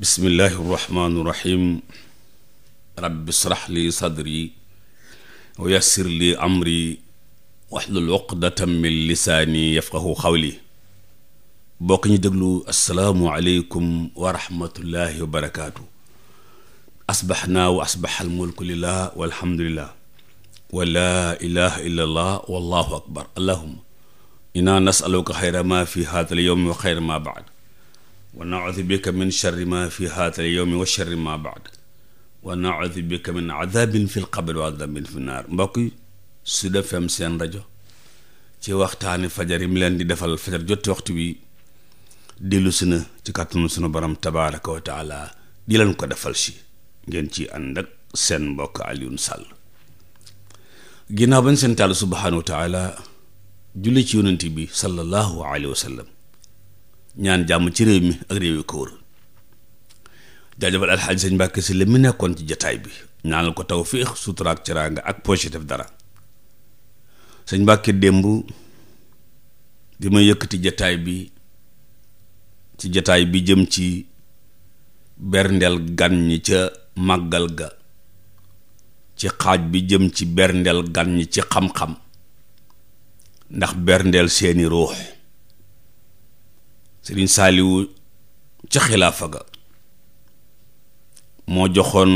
bismillahi irrahmaani irrahim rabbi srax li sadri wa yassir li amri waxlul uqdatan min lisaani yafqahu xawli bokk ñu déglu asalaamu aleykum wa rahmatullahi wa barakaatu asbaxnaa wa asbax almulku lillah walhamdulillah wa laa ilaha illa allah wallahu akbar allahuma inna nasaluka xayra ma fi hada al yowm wa xayra ma baad wa naudu bika min charri ma fi haatal yowmi wa charri ma baad wa naudu bika min adabin fi lqabri wa adabin fi naar mbokk yi Sud FM seen rajo ci waxtaani fajar yi mu leen di defal fajar jotti waxtu bi dellu si na ci kàttanu sunu borom tabaraka wa taala di leen ko defal si ngeen ci ànd ak seen mbokk Alioune Sall ginnaaw bañ seen tàll subhaanahu wa taala julli ci yonent bi sallallahu alayhi wa sallam ñaan jàmm ci réew mi ak réew yi ko wër jaajëfal alxaaji sëñ Mbàkke si la nekkoon ci jataay bi ñaanal ko tawfiix sutura ak ciraanga ak poche def dara sëñ Mbàkke démb bi ma yëkkati jataay bi ci jataay bi jëm ci berndeel gan ñi ca màggal ga ci xaaj bi jëm ci berndeel gan ñi ci xam-xam ndax berndeel seeni ruux sëriñ saaliwu ca xilaafa ga moo joxoon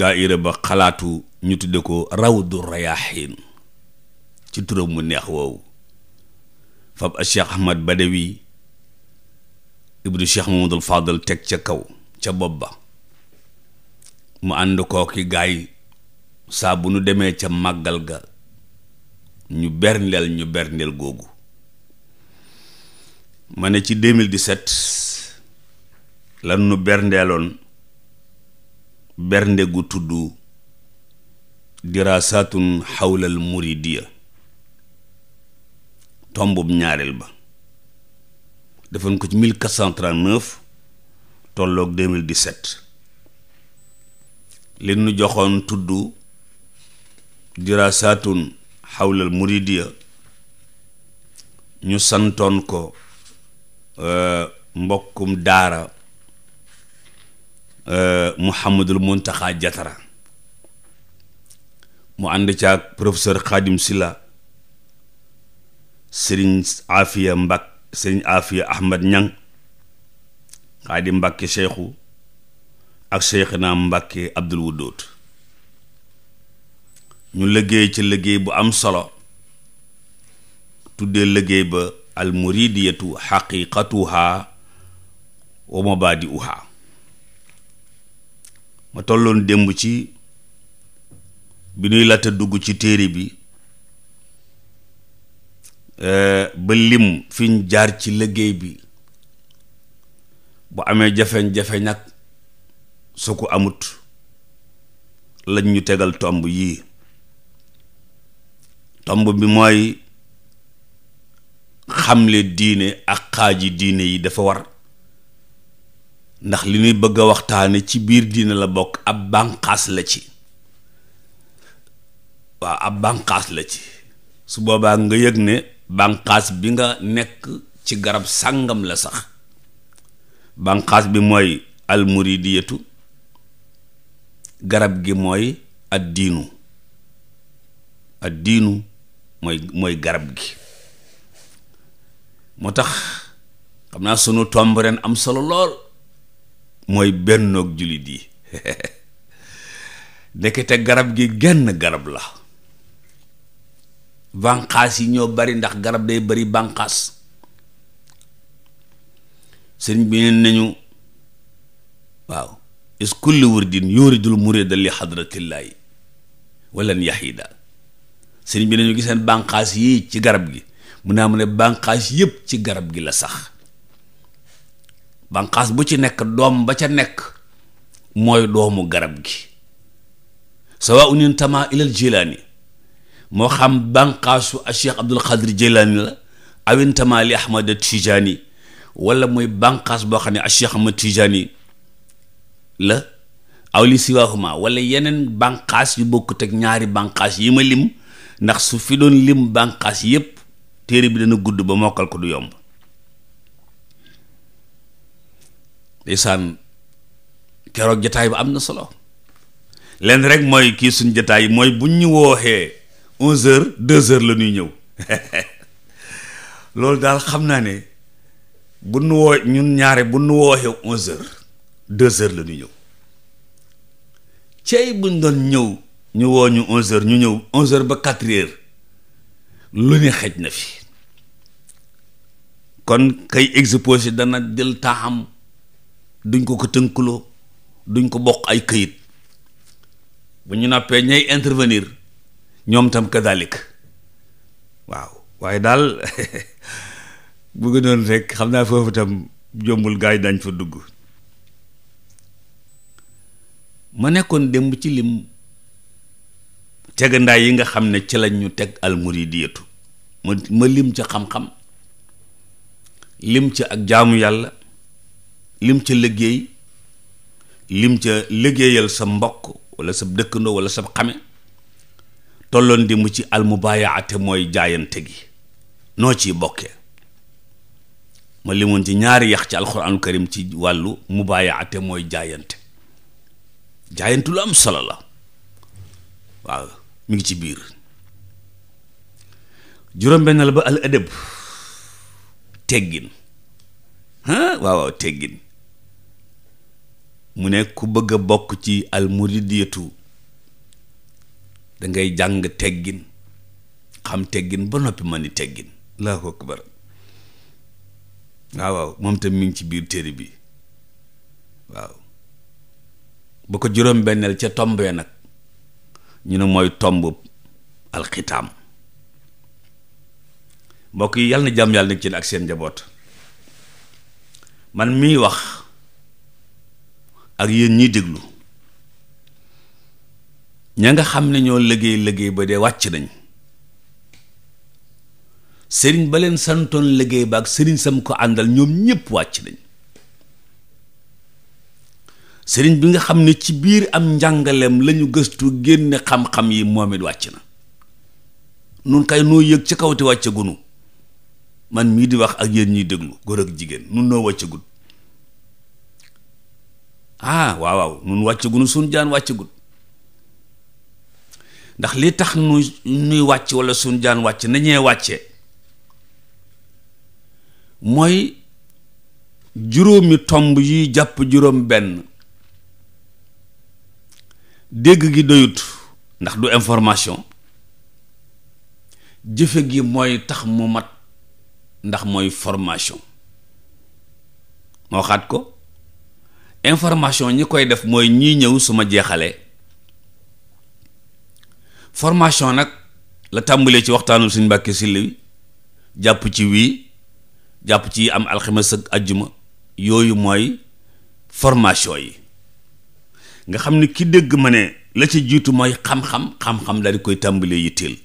daaira ba xalaatu ñu tudde ko rawdu rayaxiin ci turam mu neex woowu fab a cheikh ahmad badawi ibnu cheikh mamadul fadal teg ca kaw ca bopp ba mu ànd kooki gaay saa bu nu demee ca màggal ga ñu berndeel ñu berndeel googu ma ne ci 2017 lan nu berndeeloon bernde gu tudd diraasatun xawlal muridiya tombub ñaareel ba defoon ko ci 1439 tolloog 2017 li nu joxoon tudd diraasatun xawlal muridiya ñu santoon ko Euh, mbokkum daara euh, Mouhamadul Muntaxa Jatara mu ànd caag professeur Khadim Silla sëriñ Afia Mbak sëriñ Afia Ahmad Ñang Khadim Mbàkke Cheikhu ak Cheikhna Mbàkke Abdul Wudoot ñu liggéey ci liggéey bu am solo tuddee liggéey ba al muridiyatu xaqiqatuha wa mabaadi uha ma tolloon démb ci bi nuy laata dugg ci téere bi eh, ba lim fiñ jaar ci liggéey bi bu amee jafeñ jafe nag su ko amut lañ ñu tegal tomb yii tomb bi mooy xamle diine ak xaaji diine yi dafa war ndax li ñuy bëgg a waxtaane ci biir diine la bokk ab bànqaas la ci waaw ab bànqaas la ci su boobaa nga yëg ne bànqaas bi nga nekk ci garab sàngam la sax bànqaas bi mooy almuridiyatu garab gi mooy ad diinu ad mooy mooy garab gi moo tax xam naa sunu tomb ren am solo lool mooy bennoog jullit yi ndekete garab gi genn garab la banqaas yi ñoo bari ndax garab day bari bànqaas sëriñ bi nañu waaw is kulli wurdin yuridul murida li xadratillaahi walan yahida sëriñ bi nañu giseen bànqaas yi ci garab gi mun naa ah, mu ne bànqaas yépp ci garab gi la sax bànqaas bu ci nekk doom ba ca nekk mooy doomu garab gi sawa unin tama ilal jilaani moo xam bànqaasu a cheikh abdul xadir jilaani la awin tama li ahmad tijaani wala muy bànqaas boo xam ne a cheikh ahmad tijaani la aw li siwaahuma wala yeneen bànqaas yu bokkut ak ñaari bànqaas yi ma lim ndax su fi doon lim bànqaas yépp téere bi dana gudd ba mokkal ko du yomb ndeysaan keroog jataay ba am na solo lenn rek mooy kii suñ jataay mooy buñ ñu wooxee onze heures deux heures la ñuy ñëw loolu daal xam naa ne bu nu woo ñun ñaare bu nu wooxee onze heures deux heures la ñuy ñëw cey buñ doon ñëw ñu woo ñu onze heures ñu ñëw onze heures ba quatre lu ne xëj na fi kon kay exposé dana jël taaxam duñ ko ko tënkuloo duñ ko bokk ay këyit bu ñu nappee ñay intervenir ñoom tam kadalik waaw waaye daal bu gënoon rekk xam naa foofu tam jombul gaay dañ fa dugg ma nekkoon démb ci lim tegandaay yi nga xam ne ca lañ ñu teg almuridiyatu ma ma lim ca xam-xam lim ca ak jaamu yàlla lim ca liggéey lim ca liggéeyal sa mbokk wala sa dëkkandoo wala sa xame tolloon di mu ci almubaayaate mooy jaayante gi noo ciy bokkee ma limoon ci ñaari yax ci alxuraanu karim ci wàllu mubaayaate mooy jaayante jaayantu lu am solo la waaw mi ngi ci biir juróom-benneel ba al adab teggin ah waaw waaw teggin mu ne ku bëgg a bokk ci al muridiyatu da jàng teggin xam teggin ba noppi ma ni teggin allahu akbar waaw waaw moom tam mi ngi ci biir téere bi waaw ba ko juróom-benneel ca tombee nag ñu ne mooy tomb alxitaam mbokk yi yàlla na jàmm yàlla nekk ci ak seen njaboot man mii wax ak yéen ñiy déglu ña nga xam ne ñoo liggéey liggéey ba dee wàcc nañ sëriñ ba leen santoon liggéey ba ak sëriñ sam ko àndal ñoom ñëpp wàcc nañ sëriñ bi nga xam ne ci biir am njàngaleem lañu gëstu génne xam-xam yi moom it wàcc na nun kay noo yëg ci kaw te wàcce gunu man mii di wax ak yéen ñuy déglu góor ak jigéen nun noo wàcce gud ah gunu suñ jaan wàcce gud ndax li tax nu nuy wàcc wala suñ jaan wàcc nañee wàcce mooy juróomi tomb yuy jàpp juróom benn dégg gi doyut ndax du information jëfe gi mooy tax mu mat ndax mooy formation moo xaat ko information ñi koy def mooy ñii ñëw suma jeexalee formation nag la tàmbalee ci waxtaanu suñ mbàkke si wi jàpp ci wii jàpp ci am alxames ak ajjuma yooyu mooy formation yi nga xam ne ki dégg ma ne la ca jiitu mooy xam-xam xam-xam daal di koy tàmbalee yitteel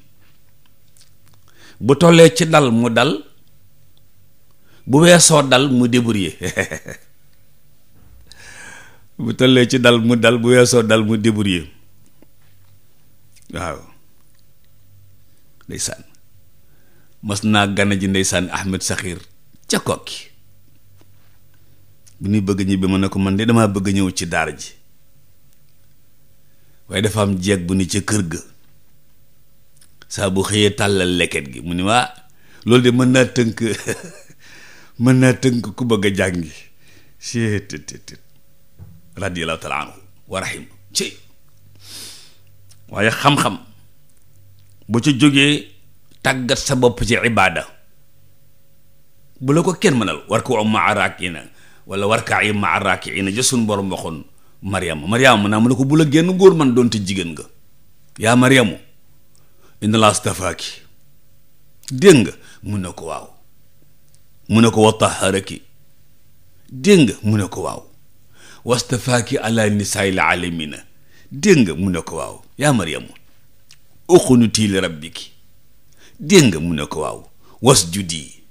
bu tollee ci dal mu dal bu weesoo dal mu débrouiller bu ci dal mu dal bu dal mu débrouiller waaw ndeysaan mas naa gana ji ndeysaan Ahmed Sakhir ca kokki bu ñuy bëgg ñibbi ma ne ko man de damaa bëgg ñëw ci daara ji waaye dafa am jeeg bu ni ca kër ga saa bu xëyee tàllal leket gi mu ni waa loolu de mën naa tënk mën naa tënk ku bëgg a jàngi si të të të ci waaye xam-xam bu ca jógee tàggat sa bopp ci ibaada bu la ko kenn mënal war ko am ma araakina wala war kaa yi ma na ja suñ borom waxoon mariama mariama naa mu ne ko bu la génn góor man doonte jigéen nga yaa mariamu inna laa stafaaki dégg mu ne ko waaw mu ne ko wa taharaki dégg nga mu ne ko waaw wastafaaki ala nisaa'il nga mu ne ko waaw yaa mariamu uqnutii dégg nga mu ne ko waaw wasjudi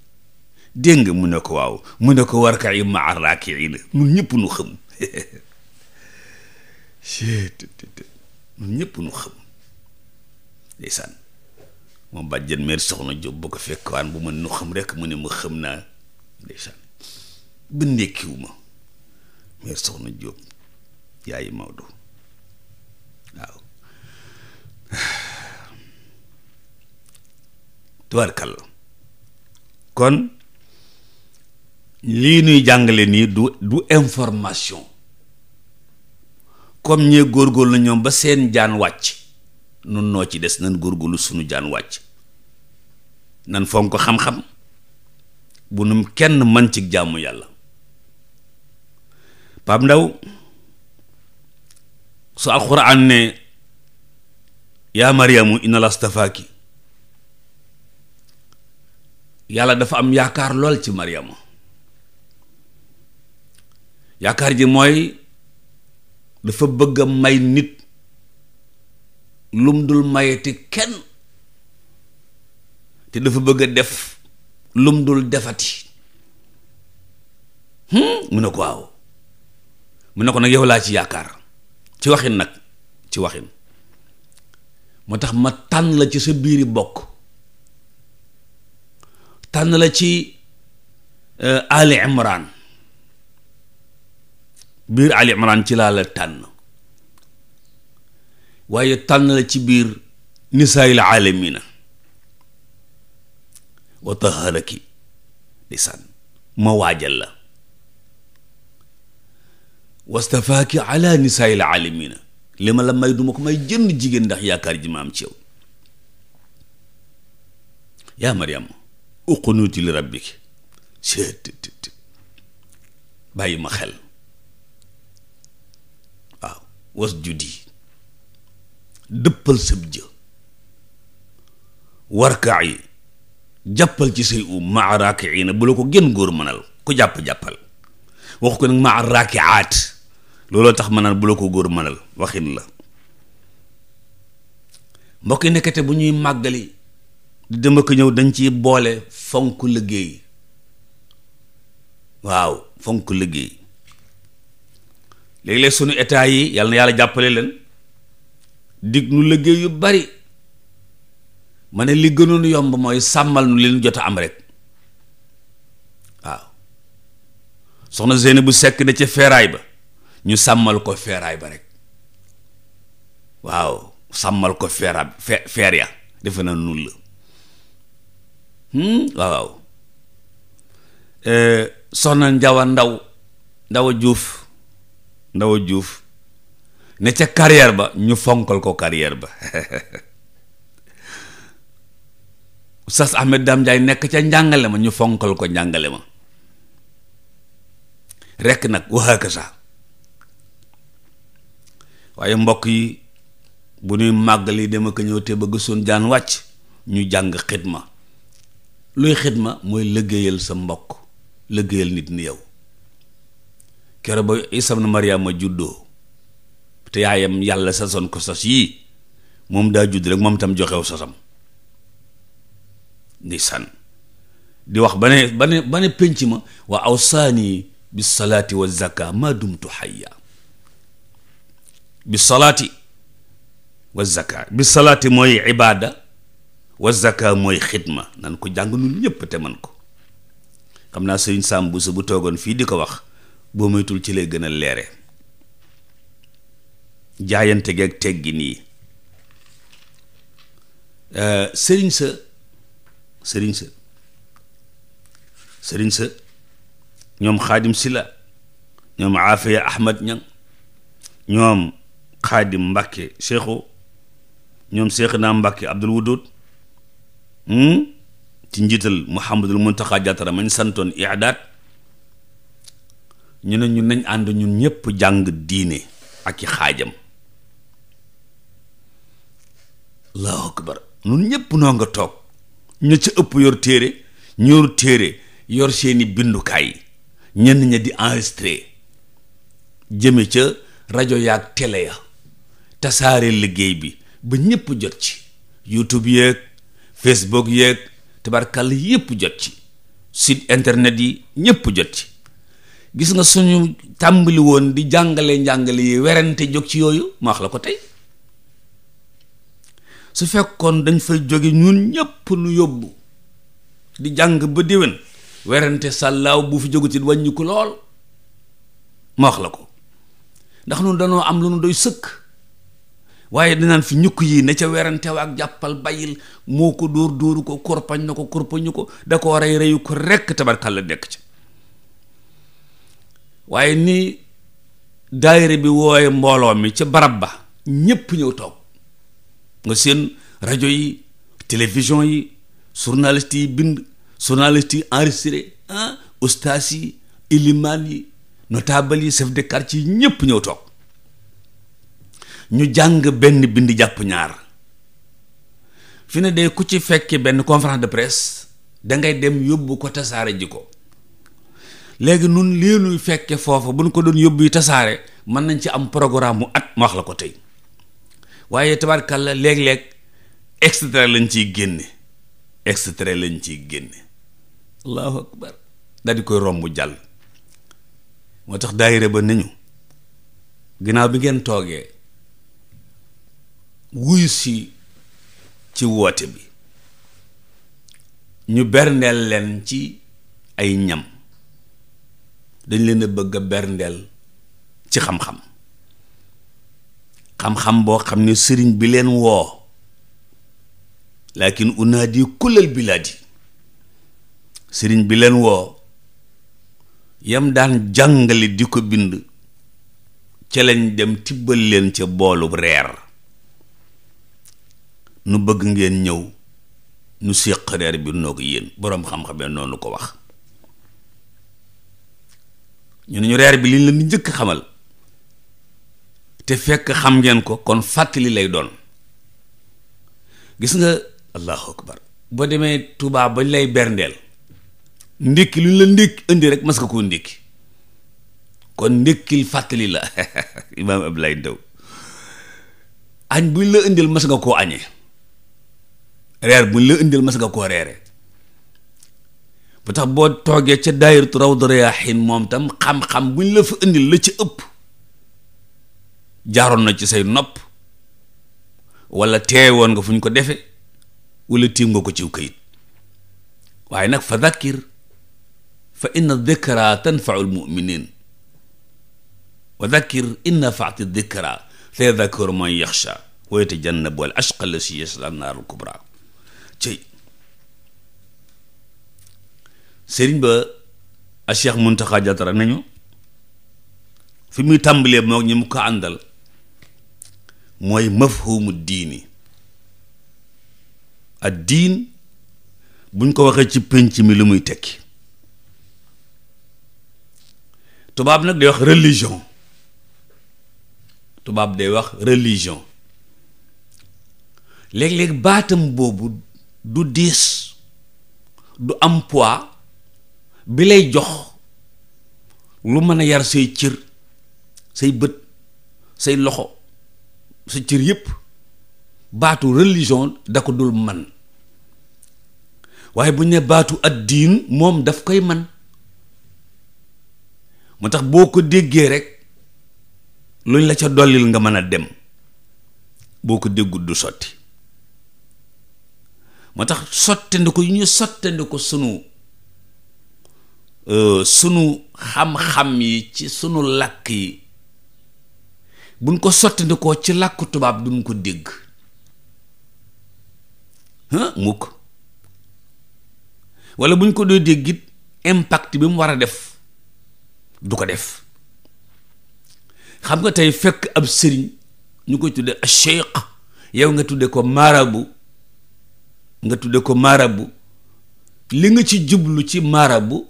dégg nga mu ne ko waaw mu ne ko warka'i ma'a nu xam ñun ñëpp ñu xam ndeysaan moom bàjjen meer soxna Jóob bu ko fekk waan bu mën nu xam rek mu ne ma xam naa ndeysaan ba ndékkiwuma meer soxna Jóob yaayi Maodo waaw tubaarkàlla kon lii nuy jàngale nii du du information comme ñee la ñoom ba seen jaan wàcc nun noo ci des nan góorgóorlu sunu jaan wàcc nan fonk xam-xam bu num kenn man ci jàmm yàlla Pape Ndaw su alxuraan ne yaa maryamu inna lastafaaki yàlla dafa am yaakaar lool ci maryama yaakaar ji mooy dafa bëgg a may nit lum dul mayeti kenn te dafa bëgg a def lum dul defati hmm? mu ne ko waaw mu ne ko nag yow laa ci yaakaar ci waxin nag ci waxin moo tax ma tànn la ci sa biiri bokk tànn la ci euh, Ali Imran biir Ali Imran ci laa la tànn waaye tànn la ci biir nisaayil aalamina wa taharaki di sàn ma waajal la wastafaaki ala nisaayil aalamina li ma la may duma ko may jënd jigéen ndax yaakaar ji ma am ci yow yaa Mariam uqunuuti li rabbiki bàyyi ma xel was judi dëppal sëb jë warkaa yi jàppal ci say um maa raakiina bu la ko gën góor mënal ku jàpp-jàppal wax ko nag maa raakiaat looloo tax ma naan bu la ko góor mënal waxin la mbokk yi nekkate bu ñuy màggali di dem ak ñëw dañ ci boole fonk liggéey waaw fonk liggéey léeg-léeg sunu état yi yàlla na jàppale leen dig nu liggéey yu bari ma ne li gënoon yomb mooy sàmmal nu leen jot a am rek waaw soxna bu sekk na ca feeraay ba ñu sàmmal ko feeraay ba rek waaw sàmmal ko feera defe na nun la hmm, waaw eh, soxna njawa ndaw ndaw juuf ndaw juuf ne ca carrière ba ñu fonkal ko carrière ba Oustaz Ahmed Dame nekk ca njàngale ma ñu fonkal ko njàngale ma rekk nag waxaaka sax waaye mbokk yi bu ñuy màggal yi dem ko ñëw te bëgg soon jaan wàcc ñu jàng xidma luy xidma mooy liggéeyal sa mbokk liggéeyal nit ni yow kero ba isam na mariama juddoo te yaayam yàlla sasoon ko sos yii moom daa judd rek moom tam joxew sosam di san di wax ba ne ba ne ba ne pénc ma wa saani bi salaati wa zaka ma dumtu xayya bi salaati wa zaka bi salaati mooy ibaada wa zaka mooy xidma nan ko jàng nun ñépp te man ko xam naa sëriñ Sam bu sa bu toogoon fii di ko wax boo moytul ci lay gën a leere jaayante gi ak teggin yi euh, sëriñ sa sëriñ sa sëriñ sa ñoom xaadim sila ñoom aafiya ahmad ñang ñoom xaadim mbàkke cheikhu ñoom cheikh naa mbàkke abdul wudud hmm, ci njiital muhammadul muntaxa jatara mañ santoon iadaat ñu ne ñu nañ ànd ñun ñépp jàng diine ak i xaajam allahu akbar ñun ñépp noo nga toog ñu ci ëpp yor téere ñor téere yor seeni bindukaay ñenn ña di enregistré jëme ca rajo yaag télé ya tasaare liggéey bi ba ñépp jot ci youtube yeeg facebook yeeg tabarkàll yëpp jot ci sit internet yi ñépp jot ci gis nga suñu tàmbali woon di jàngale njàngale yi werante jóg ci yooyu ma wax la ko tey su fekkoon dañ fa jóge ñun ñëpp nu yóbbu di jàng ba déwén werante sàllaaw bu fi jógutit wàññi ko lool ma wax la ko ndax nun danoo am lu nu doy sëkk waaye dinaan fi ñukk yi ne ca werante ak jàppal bayil moo ko dóor dóoru ko korpañ na ko korpañu ko da ko rey reyu ko rekk tabarkàlla dekk ca waaye ni daayira bi wooye mbooloo mi ca barab ba ñépp ñëw toog nga seen rajo yi télévision yi journaliste yi bind journaliste yi enregistré ah ustaas yi ilimaan yi notable yi chef de quartier yi ñépp ñëw toog ñu jàng benn bind jàpp ñaar fi ne de ku ci fekke benn conférence de presse da ngay dem yóbbu ko tasaare ji ko léegi nun lii nuy fekke foofa bu ñu ko doon yóbbu tasaare mën nañ ci am programme mu at ma wax la ko tey waaye tabarkàlla léeg-léeg extrait lañ ciy génne extrait lañ ciy génne allahu akbar daal koy romb jàll moo tax daayira ba nañu ginnaaw bi ngeen toogee wuyu si ci woote bi ñu berndeel leen ci ay ñam dañ leen a bëgg a berndeel ci xam-xam xam-xam boo xam ne sëriñ bi leen woo lakin unaadi kullal bilaadi sëriñ bi leen woo yam daan jàngale di ko bind ca lañ dem tibbal leen ca boolu reer nu bëgg ngeen ñëw nu séq reer bi noog yéen boroom xam-xamee noonu ko wax ñu ne ñu reer bi liñ la ni njëkk xamal te fekk xam ngeen ko kon fàttali lay doon gis nga allahu akbar boo demee Touba bañ lay berndeel ndékki lu ñu la ndékki indi rek mas nga koo ndékki kon ndékkil fàttali la imaam Abdoulaye Ndaw añ buñ la indil mas nga koo añee reer buñ la indil mas nga koo reere ba tax boo toogee ca daayiratu rawdu rayaahin moom tam xam-xam buñ la fa indil la ci ëpp jaaroon na ci say nopp wala woon nga fu ñu ko defe wala tiim nga ko ciw kayit waaye nag fa dakkir fa inna dikra tanfau lmuminin wa dakkir in nafaati dikra fa yadakkaru man yaxsha wa yatajannabu al ashqa allasi kubra sëriñ ba a Cheikh Muntaxa nañu fi muy tàmbalee moog ñi mu ko àndal mooy mafhumu diini ad diin buñ ko waxee ci pénc mi lu muy tekki tubaab nag day wax religion tubaab day wax religion léeg-léeg baatam boobu du diis du am pois bi lay jox lu mën a yar say cër say bët say loxo sa cër yépp baatu religion da ko dul man waaye bu ñu ne baatu addiin moom daf koy man moo tax boo ko déggee rek luñ la ca dollil nga mën a dem boo ko déggut du sotti moo tax sottandi ko yu ñu sottandi ko sunu Euh, sunu xam-xam yi ci sunu lakk yi buñ ko sottindikoo ci làkk tubaab duñ ko dégg mukk wala buñ ko dee déggit impact bi mu war a def du ko def xam nga tey fekk ab sëriñ ñu koy tudde a yow nga tuddee ko maarabu nga tudde ko maarabu li nga ci jublu ci maarabu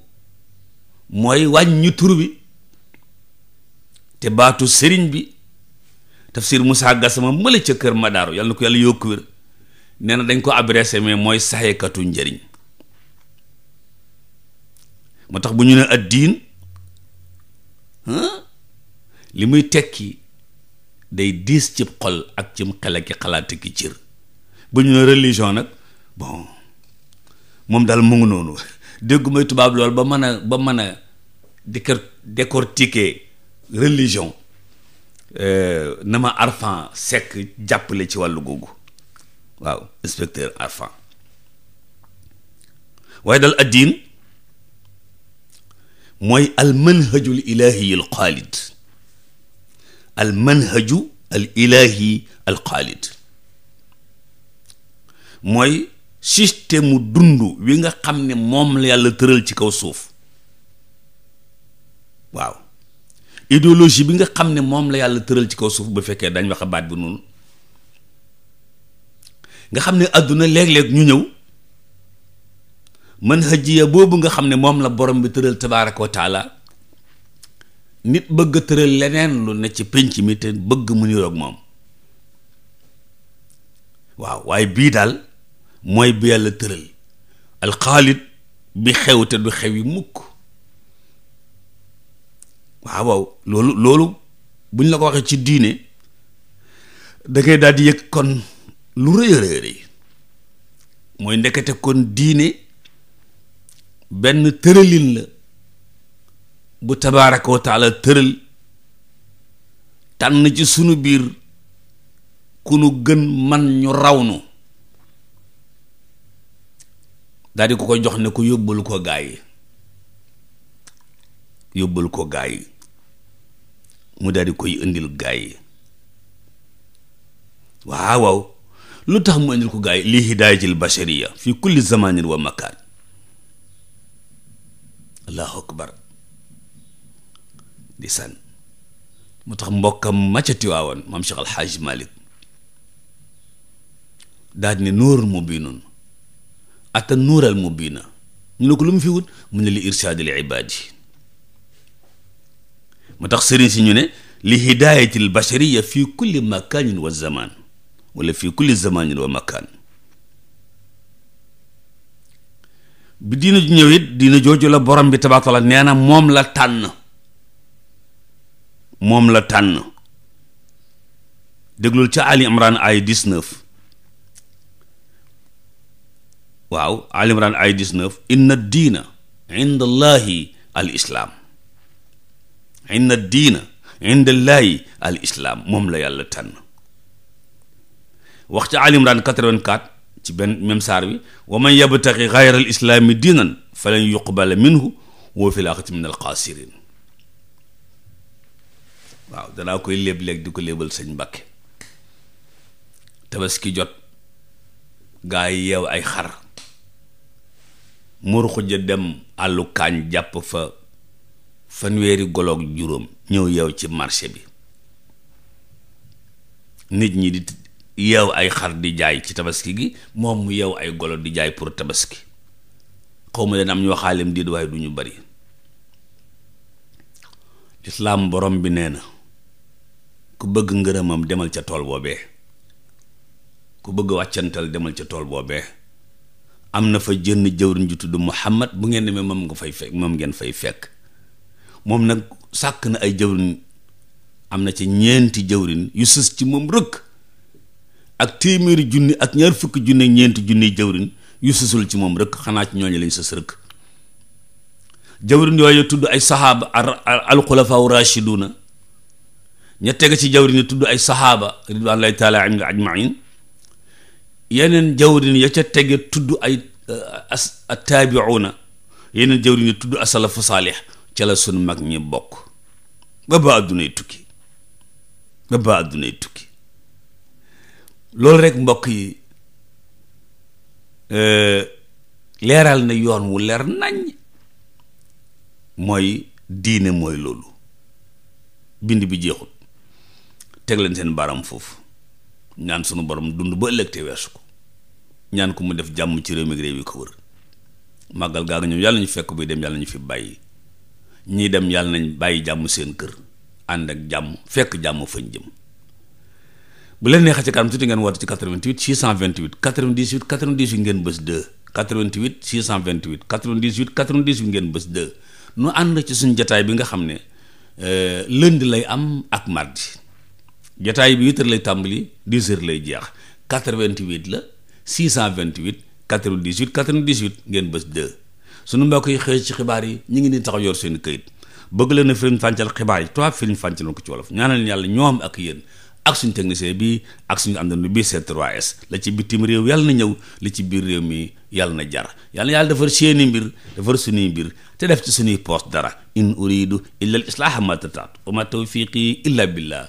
mooy wàññi tur bi te baatu sëriñ bi tafsir Moussa Gassama mële ca kër Madaaru yàlla na ko yàlla yokku wér neena dañ ko adressé mais mooy saxekatu njariñ moo tax bu ñu ne addiin li muy tekki day diis ci xol ak cim xel ak xalaat ki cër bu ñu ne religion nag bon moom daal mu ngi noonu déggumay tubaab lool ba mën a ba mën a décor décortiquer religion euh, na ma Arfan sekk jàppale ci wàllu googu waaw inspecteur Arfan waaye dal addiin mooy al manhaju al ilahi al xaalid mooy système mu dund wi nga xam ne moom la yàlla tëral ci kaw suuf waaw idéologie bi nga xam ne moom la yàlla tëral ci kaw suuf bu fekkee dañ wax a baat bi noonu nga xam ne àdduna léeg-léeg ñu ñëw man hëjiya boobu nga xam ne moom la borom bi tëral tabaaraka wa taala nit bëgg tëral leneen lu ne ci pénc mi te bëgg mu niroog moom waaw waaye bii daal mooy bu yàlla tëral alxaalit bi xew te du xew yi mukk waaw waaw loolu loolu buñ la ko waxee ci diine da ngay daal di yëg kon lu rëy a rëy mooy ndekete kon diine benn tëralin la bu tabaaraka wa tëral tànn ci sunu biir ku nu gën man ñu raw nu daal ko ko jox ne ko yóbbul ko gaa yi yóbbul ko gaa yi mu daal koy indil gaa yi waaw waaw lu tax mu indil ko gaa yi li hidaayatil bashariya fi kulli zamanin wa makaan allahu akbar di san mu tax mbokkam ma ca Tiwaawan maam Cheikh Alxaaj Malik daal ne nuurun mubiinun ata nuural mubiina ñu ne ko lu mu fi wut mu ne li irsaadil ibaadi moo tax sëriñ si ñu ne li hidaayatil bashariya fi kulli makaanin wa zamaan wala fii kulli zamaanin wa makaan bi diina ju ñëw it diina jooju la borom bi tabaaraka taala nee na moom la tànn moom la tànn déglul ca Ali Imran ay 19 waaw Ali Imran ay 19 inna diina inda allahi al islaam inna diina inda allahi al islaam moom la yàlla tànn wax ca Ali Imran ci benn même saar bi wa man yabtaxi gayra al islaami diinan falan yuqbala minhu wa fil aaxirati min al xaasiriin koy léeb di ko léebal sëñ Mbàkke tabaski jot gaa yeew ay xar mor xuja dem àllu jàpp fa fanweeri goloog juróom ñëw yeew ci marché bi nit ñi di yeew ay xar di jaay ci tabaski gi moom mu yeew ay golo di jaay pour tabaski xaw ma leen am ñoo xaalem déet waaye duñu bari lislaam borom bi nee na ku bëgg ngërëmam demal ca tool boobee ku bëgg wàccantal demal ca tool boobee am na fa jënn jëwriñ ju tudd Muhammad bu ngeen demee moom nga fay fekk moom ngeen fay fekk moom nag sàkk na ay jëwriñ am na ci ñeenti jëwrin yu sës ci moom rëkk ak téeméeri junni ak ñaar fukki ñeenti junni jëwriñ yu sësul ci moom rëkk xanaa ci ñooñu lañ sës rëkk jawrin yooyu tudd ay saxaaba alxulafaaw rachiduna ña teg ci jawrin yi tudd ay saxaaba ridwanullahi taala an ajmain yeneen jawrin ya ca tege tudd ay eh, as na yeneen jawrin ya tudd asalafu saalix ca la sunu mag ñi mbokk ba ba addunay tukki ba ba addunay tukki loolu rek mbokk yi eh, leeral na yoon wu leer nañ mooy diine mooy loolu bind bi jeexut teg seen baram foofu ñaan sunu borom dund ba ëllëg te weesu ko ñaan ko mu def jàmm ci réew mi réew yi ko wër màggal gaa nga ñëw yàlla ñu fekk buy dem yàlla ñu fi bàyyi ñii dem yàlla nañ bàyyi jàmm seen kër ànd ak jàmm fekk jàmm fañ jëm bu leen neexee ci kanam tuuti ngeen woote ci 88 628 98 98 ngeen bës 2 88 628 98 ngeen bës 2 nu ànd ci suñ jataay bi nga xam ne euh, lënd lay am ak mardi jataay bi huit heures lay tàmbali dix heures lay jeex quatre-vingt-huit la six cent vingt-huit quatre-vingt-dix-huit quatre-vingt-dix-huit ngeen bés deux suñu mbokk yi xëy ci xibaar yi ñu ngi ni taxaw yor seen këyit bëgg leen a firim fàncal xibaar yi trois firim fàncal ko ci wolof ñaanal leen yàlla ñoom ak yéen ak suñu technicien bi ak suñu àndandoo bi C3S la ci bitim réew yàlla na ñëw li ci biir réew mi yàlla na jar yàlla na yàlla defar seeni mbir defar suñuy mbir te def ci suñuy poos dara in uridu illa al islaaha ma tataat wa ma tawfiqi illa